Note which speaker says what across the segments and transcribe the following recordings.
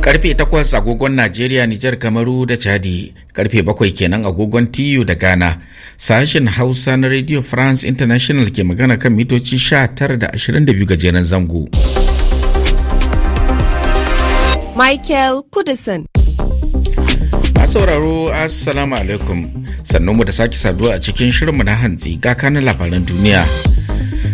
Speaker 1: Karfe 8 agogon Najeriya, Nijar, Kamaru da Chadi, karfe bakwai kenan agogon TU da Ghana. Sashen Hausa na Radio France International ke magana kan mitoci 19 da 22 gajeren zango. Michael Kudison. sauraro assalamu alaikum sannan mu da sake saduwa a cikin shirinmu na hantsi ga kanin labaran duniya.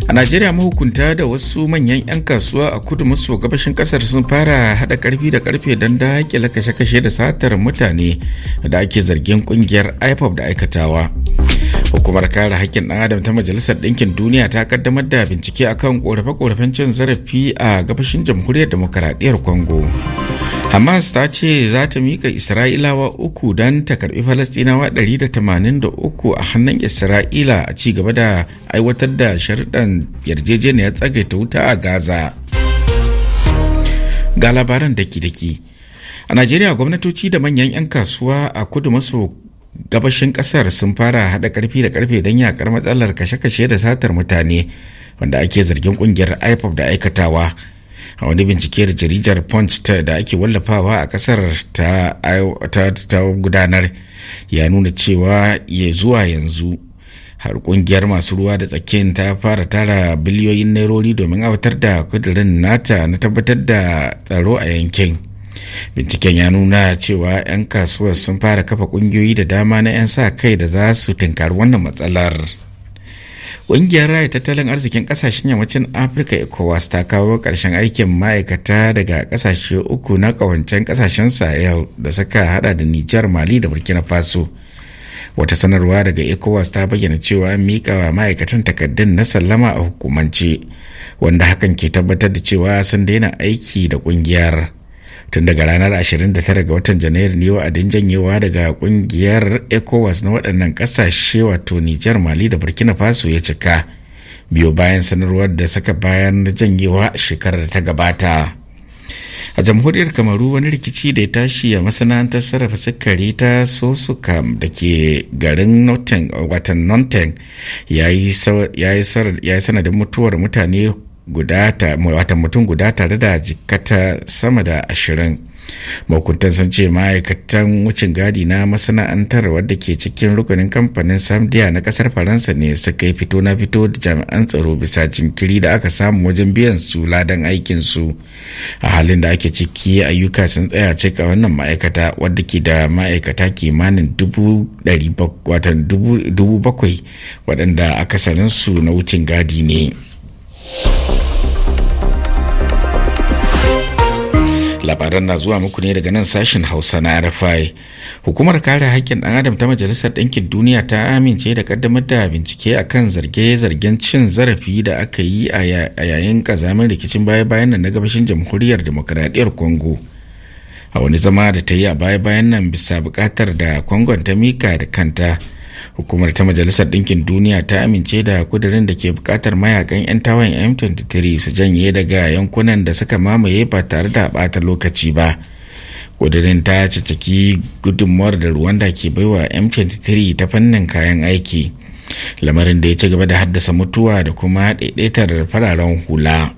Speaker 1: A Najeriya mahukunta da wasu manyan 'yan kasuwa a kudu maso gabashin kasar sun fara haɗa ƙarfi da ƙarfe don daƙile kashe-kashe da satar mutane da ake zargin ƙungiyar IPOP da aikatawa. Hukumar kare haƙƙin ɗan adam ta Majalisar Ɗinkin Duniya ta kaddamar da bincike akan ƙorafe-ƙorafen cin zarafi a gabashin Jamhuriyar Demokaradiyyar Congo. Hamas ta ce za ta mika Isra'ilawa uku don ta karbi Falastinawa 183 a hannun Isra'ila a ci gaba da aiwatar da sharɗan yarjejeniyar tsagaita wuta a Gaza. Ga labaran daki-daki. A Najeriya gwamnatoci da manyan 'yan kasuwa a kudu maso gabashin kasar sun fara haɗa karfi da karfe don yakar matsalar kashe-kashe da satar mutane wanda ake zargin kungiyar IPOP da aikatawa. a wani bincike da jaridar punch ta da ake wallafawa a kasar ta, gudanar ya nuna cewa ya zuwa yanzu har kungiyar masu ruwa da tsakin ta fara tara biliyoyin nairori domin abatar da kudirin nata na tabbatar da tsaro a yankin binciken ya nuna cewa 'yan kasuwar sun fara kafa kungiyoyi da dama na 'yan sa kai da za su tinkari wannan matsalar. Ƙungiyar raya tattalin arzikin ƙasashen yammacin Afirka ECOWAS ta kawo ƙarshen aikin ma'aikata daga ƙasashe uku na ƙawancen ƙasashen Sahel da suka hada da Nijar, Mali da Burkina Faso. Wata sanarwa daga ECOWAS ta bayyana cewa an miƙa wa ma'aikatan takardun na sallama a hukumance, wanda hakan ke tabbatar da cewa sun daina aiki da ƙungiyar. tun daga ranar 29 ga watan janairu ne wa'adin janyewa daga kungiyar ecowas na waɗannan ƙasashe wato nijar mali da burkina faso ya cika biyo bayan sanarwar da saka bayan janyewa shekarar da ta gabata a jamhuriyar kamaru wani rikici da ya tashi a masana'antar sarrafa sukari ta sosukam da ke garin watan nonten ya yi sanadin mutuwar mutane wata mutum guda tare da jikata sama da ashirin mahukuntan sun ce ma'aikatan wucin gadi na masana'antar wadda ke cikin rukunin kamfanin samdiya na kasar faransa ne suka yi fito na fito da jami'an tsaro bisa jinkiri da aka samu wajen biyan su ladan aikin su a halin da ake ciki ayyuka sun tsaya cika wannan ma'aikata wadda ke da ma'aikata kimanin dubu bakwai waɗanda akasarin su na wucin gadi ne labaran na zuwa muku ne daga nan sashen hausa na rfi hukumar kare haƙƙin ɗan adam ta majalisar ɗinkin duniya ta amince da ƙaddamar da bincike a kan zarge-zargen cin zarafi da aka yi a yayin ƙazamin rikicin baya-bayan nan na gabashin jamhuriyar demokuraɗiyyar congo a wani zama da ta yi a baya-bayan nan bisa buƙatar da kwangon ta mika da kanta hukumar ta majalisar ɗinkin duniya ta amince da kudirin da ke buƙatar mayakan 'yan tawon m23 su janye daga yankunan da suka mamaye ba tare da ɓata lokaci ba kudirin ta cacaki gudunmuwar da rwanda ke baiwa m23 ta fannin kayan aiki lamarin da ya ci gaba da haddasa mutuwa da kuma ɗaiɗaitar fararen hula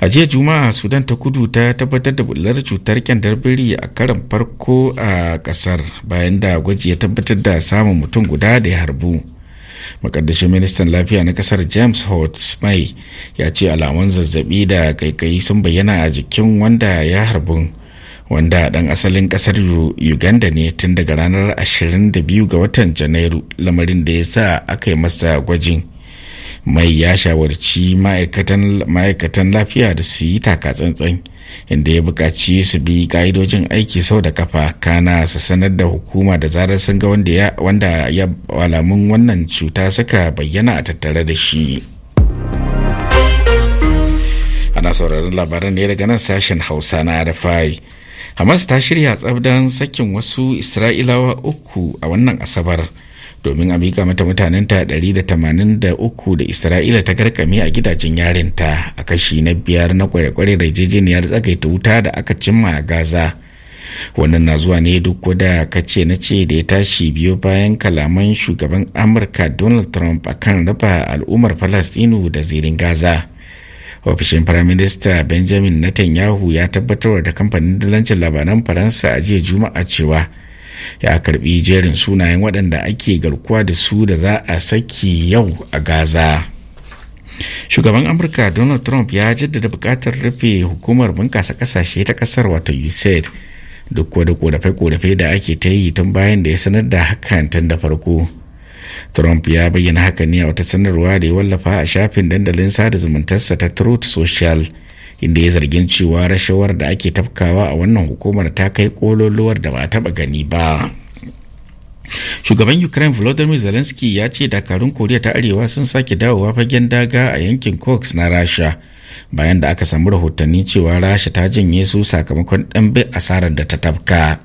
Speaker 1: a jiya juma'a sudan ta kudu ta tabbatar da bullar cutar kyandar biri a karan farko a kasar bayan da gwaji ya tabbatar da samun mutum guda da ya harbu makaddashin ministan lafiya na kasar james holt mai ya ce alamun zazzabi da kaikayi sun bayyana a jikin wanda ya harbun wanda dan asalin kasar uganda ne tun daga ranar 22 ga watan janairu lamarin da ya sa aka yi masa gwajin mai ya shawarci ma'aikatan lafiya da su yi takatsantsan inda ya bukaci su bi ƙa'idojin aiki sau da kafa kana su sanar da hukuma da zarar sun ga wanda ya alamun wannan cuta suka bayyana a tattare da shi ana sauraron labaran ne daga nan sashen hausa na rfi hamas ta shirya tsabdan sakin wasu isra'ilawa uku a wannan asabar domin a mika mata mutanenta 183 da da uku isra'ila ta garkame a gidajen yarinta a kashi na biyar na kware-kware da jejeniyar tsagaita wuta da aka cimma a gaza wannan na zuwa ne duk da ka ce na ce da ya tashi biyo bayan kalaman shugaban amurka donald trump a kan raba al'ummar falastinu da zirin gaza ofishin firaminista benjamin netanyahu ya tabbatar da kamfanin dalancin labaran faransa a jiya juma'a cewa ya karbi jerin sunayen waɗanda ake garkuwa da su da za a saki yau a gaza shugaban amurka donald trump ya jaddada buƙatar rufe hukumar bunƙasa ƙasashe ta ƙasar wato usaid duk wani korafe-korafe da ake ta yi tun bayan da ya sanar da hakan tun da farko trump ya bayyana haka ne a wata sanarwa da ya wallafa a shafin dandalin sada zumuntarsa ta truth social inda ya zargin cewa rashawar da ake tafkawa a wannan hukumar ta kai kololuwar da ba a taba gani ba shugaban ukraine volodymyr zelensky ya ce dakarun koriya ta arewa sun sake dawowa fagen daga a yankin cox na rasha bayan da aka samu rahotanni cewa rasha ta janye su sakamakon ɗan asarar da ta tafka.